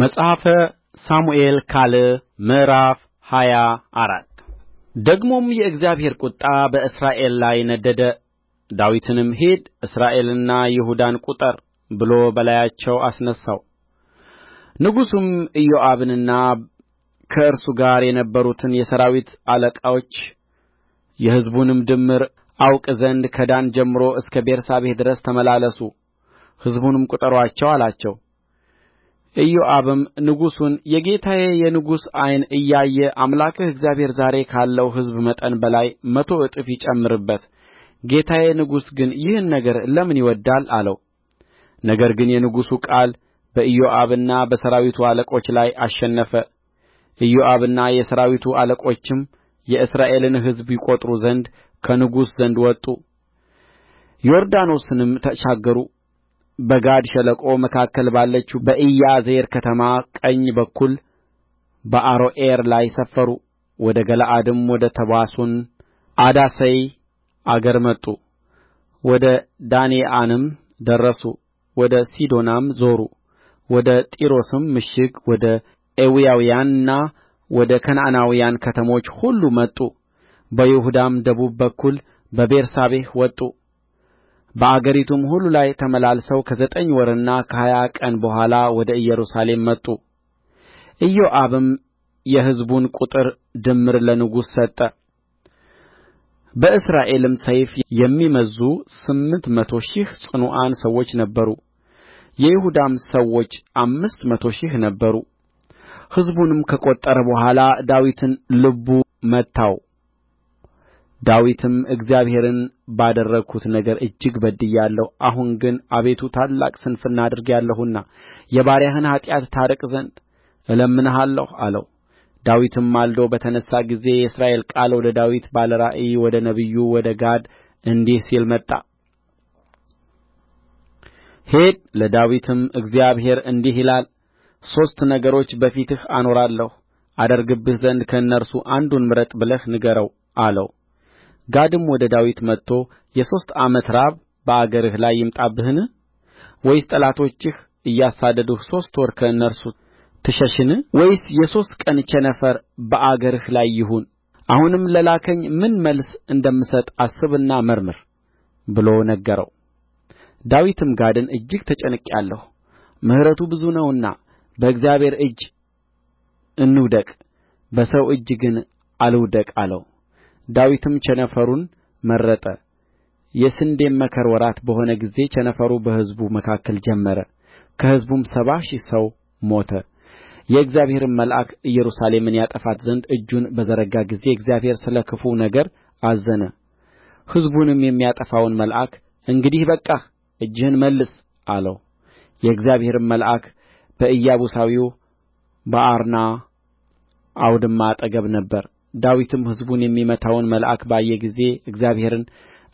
መጽሐፈ ሳሙኤል ካል ምዕራፍ ሃያ አራት ደግሞም የእግዚአብሔር ቍጣ በእስራኤል ላይ ነደደ። ዳዊትንም ሂድ እስራኤልንና ይሁዳን ቍጠር ብሎ በላያቸው አስነሣው። ንጉሡም ኢዮአብንና ከእርሱ ጋር የነበሩትን የሠራዊት አለቆች የሕዝቡንም ድምር አውቅ ዘንድ ከዳን ጀምሮ እስከ ቤርሳቤህ ድረስ ተመላለሱ፣ ሕዝቡንም ቍጠሩአቸው አላቸው። ኢዮአብም ንጉሡን የጌታዬ የንጉሥ ዓይን እያየ አምላክህ እግዚአብሔር ዛሬ ካለው ሕዝብ መጠን በላይ መቶ እጥፍ ይጨምርበት ጌታዬ ንጉሥ ግን ይህን ነገር ለምን ይወድዳል አለው። ነገር ግን የንጉሡ ቃል በኢዮአብና በሠራዊቱ አለቆች ላይ አሸነፈ። ኢዮአብና የሠራዊቱ አለቆችም የእስራኤልን ሕዝብ ይቈጥሩ ዘንድ ከንጉሡ ዘንድ ወጡ፣ ዮርዳኖስንም ተሻገሩ በጋድ ሸለቆ መካከል ባለችው በኢያዜር ከተማ ቀኝ በኩል በአሮዔር ላይ ሰፈሩ ወደ ገለዓድም ወደ ተባሶን አዳሰይ አገር መጡ ወደ ዳንየዓንም ደረሱ ወደ ሲዶናም ዞሩ ወደ ጢሮስም ምሽግ ወደ ኤዊያውያንና ወደ ከነዓናውያን ከተሞች ሁሉ መጡ በይሁዳም ደቡብ በኩል በቤርሳቤህ ወጡ በአገሪቱም ሁሉ ላይ ተመላልሰው ከዘጠኝ ወርና ከሀያ ቀን በኋላ ወደ ኢየሩሳሌም መጡ ኢዮአብም የሕዝቡን ቍጥር ድምር ለንጉሡ ሰጠ በእስራኤልም ሰይፍ የሚመዝዙ ስምንት መቶ ሺህ ጽኑዓን ሰዎች ነበሩ የይሁዳም ሰዎች አምስት መቶ ሺህ ነበሩ ሕዝቡንም ከቈጠረ በኋላ ዳዊትን ልቡ መታው ዳዊትም እግዚአብሔርን ባደረግሁት ነገር እጅግ በድያለሁ አሁን ግን አቤቱ ታላቅ ስንፍና አድርጌአለሁና የባሪያህን ኃጢአት ታርቅ ዘንድ እለምንሃለሁ አለው ዳዊትም ማልዶ በተነሣ ጊዜ የእስራኤል ቃል ወደ ዳዊት ባለ ራእይ ወደ ነቢዩ ወደ ጋድ እንዲህ ሲል መጣ ሂድ ለዳዊትም እግዚአብሔር እንዲህ ይላል ሦስት ነገሮች በፊትህ አኖራለሁ አደርግብህ ዘንድ ከእነርሱ አንዱን ምረጥ ብለህ ንገረው አለው ጋድም ወደ ዳዊት መጥቶ የሦስት ዓመት ራብ በአገርህ ላይ ይምጣብህን ወይስ ጠላቶችህ እያሳደዱህ ሦስት ወር ከእነርሱ ትሸሽን ወይስ የሦስት ቀን ቸነፈር በአገርህ ላይ ይሁን አሁንም ለላከኝ ምን መልስ እንደምሰጥ አስብና መርምር ብሎ ነገረው። ዳዊትም ጋድን እጅግ ተጨንቄአለሁ፣ ምሕረቱ ብዙ ነውና በእግዚአብሔር እጅ እንውደቅ፣ በሰው እጅ ግን አልውደቅ አለው። ዳዊትም ቸነፈሩን መረጠ የስንዴም መከር ወራት በሆነ ጊዜ ቸነፈሩ በሕዝቡ መካከል ጀመረ ከሕዝቡም ሰባ ሺህ ሰው ሞተ የእግዚአብሔርም መልአክ ኢየሩሳሌምን ያጠፋት ዘንድ እጁን በዘረጋ ጊዜ እግዚአብሔር ስለ ክፉው ነገር አዘነ ሕዝቡንም የሚያጠፋውን መልአክ እንግዲህ በቃህ እጅህን መልስ አለው የእግዚአብሔርም መልአክ በኢያቡሳዊው በኦርና አውድማ አጠገብ ነበረ ዳዊትም ሕዝቡን የሚመታውን መልአክ ባየ ጊዜ እግዚአብሔርን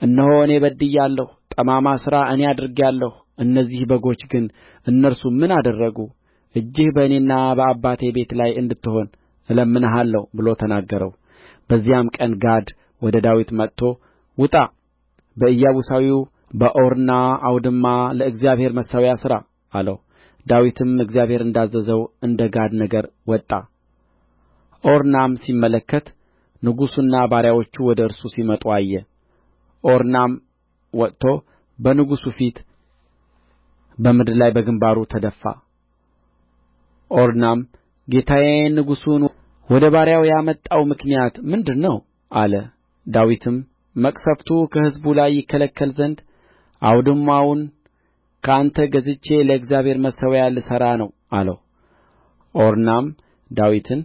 እነሆ እኔ በድያለሁ ጠማማ ሥራ እኔ አድርጌአለሁ እነዚህ በጎች ግን እነርሱ ምን አደረጉ እጅህ በእኔና በአባቴ ቤት ላይ እንድትሆን እለምንሃለሁ ብሎ ተናገረው በዚያም ቀን ጋድ ወደ ዳዊት መጥቶ ውጣ በኢያቡሳዊው በኦርና አውድማ ለእግዚአብሔር መሠዊያ ሥራ አለው ዳዊትም እግዚአብሔር እንዳዘዘው እንደ ጋድ ነገር ወጣ ኦርናም ሲመለከት ንጉሡና ባሪያዎቹ ወደ እርሱ ሲመጡ አየ ኦርናም ወጥቶ በንጉሡ ፊት በምድር ላይ በግምባሩ ተደፋ ኦርናም ጌታዬ ንጉሡን ወደ ባሪያው ያመጣው ምክንያት ምንድር ነው አለ ዳዊትም መቅሠፍቱ ከሕዝቡ ላይ ይከለከል ዘንድ አውድማውን ከአንተ ገዝቼ ለእግዚአብሔር መሠዊያ ልሠራ ነው አለው ኦርናም ዳዊትን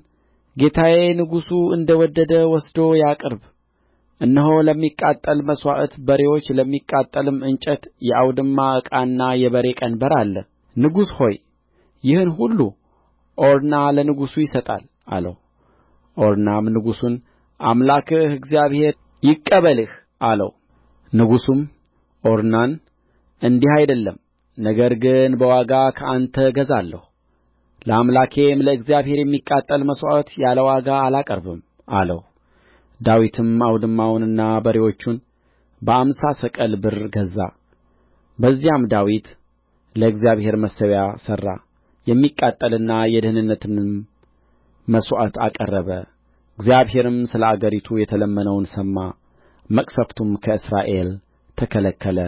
ጌታዬ ንጉሡ እንደ ወደደ ወስዶ ያቅርብ እነሆ ለሚቃጠል መሥዋዕት በሬዎች ለሚቃጠልም እንጨት የአውድማ ዕቃና የበሬ ቀንበር አለ ንጉሥ ሆይ ይህን ሁሉ ኦርና ለንጉሡ ይሰጣል አለው ኦርናም ንጉሡን አምላክህ እግዚአብሔር ይቀበልህ አለው ንጉሡም ኦርናን እንዲህ አይደለም ነገር ግን በዋጋ ከአንተ እገዛለሁ ለአምላኬም ለእግዚአብሔር የሚቃጠል መሥዋዕት ያለ ዋጋ አላቀርብም አለው ዳዊትም አውድማውንና በሬዎቹን በአምሳ ሰቅል ብር ገዛ በዚያም ዳዊት ለእግዚአብሔር መሠዊያ ሠራ የሚቃጠልና የደኅንነትንም መሥዋዕት አቀረበ እግዚአብሔርም ስለ አገሪቱ የተለመነውን ሰማ መቅሠፍቱም ከእስራኤል ተከለከለ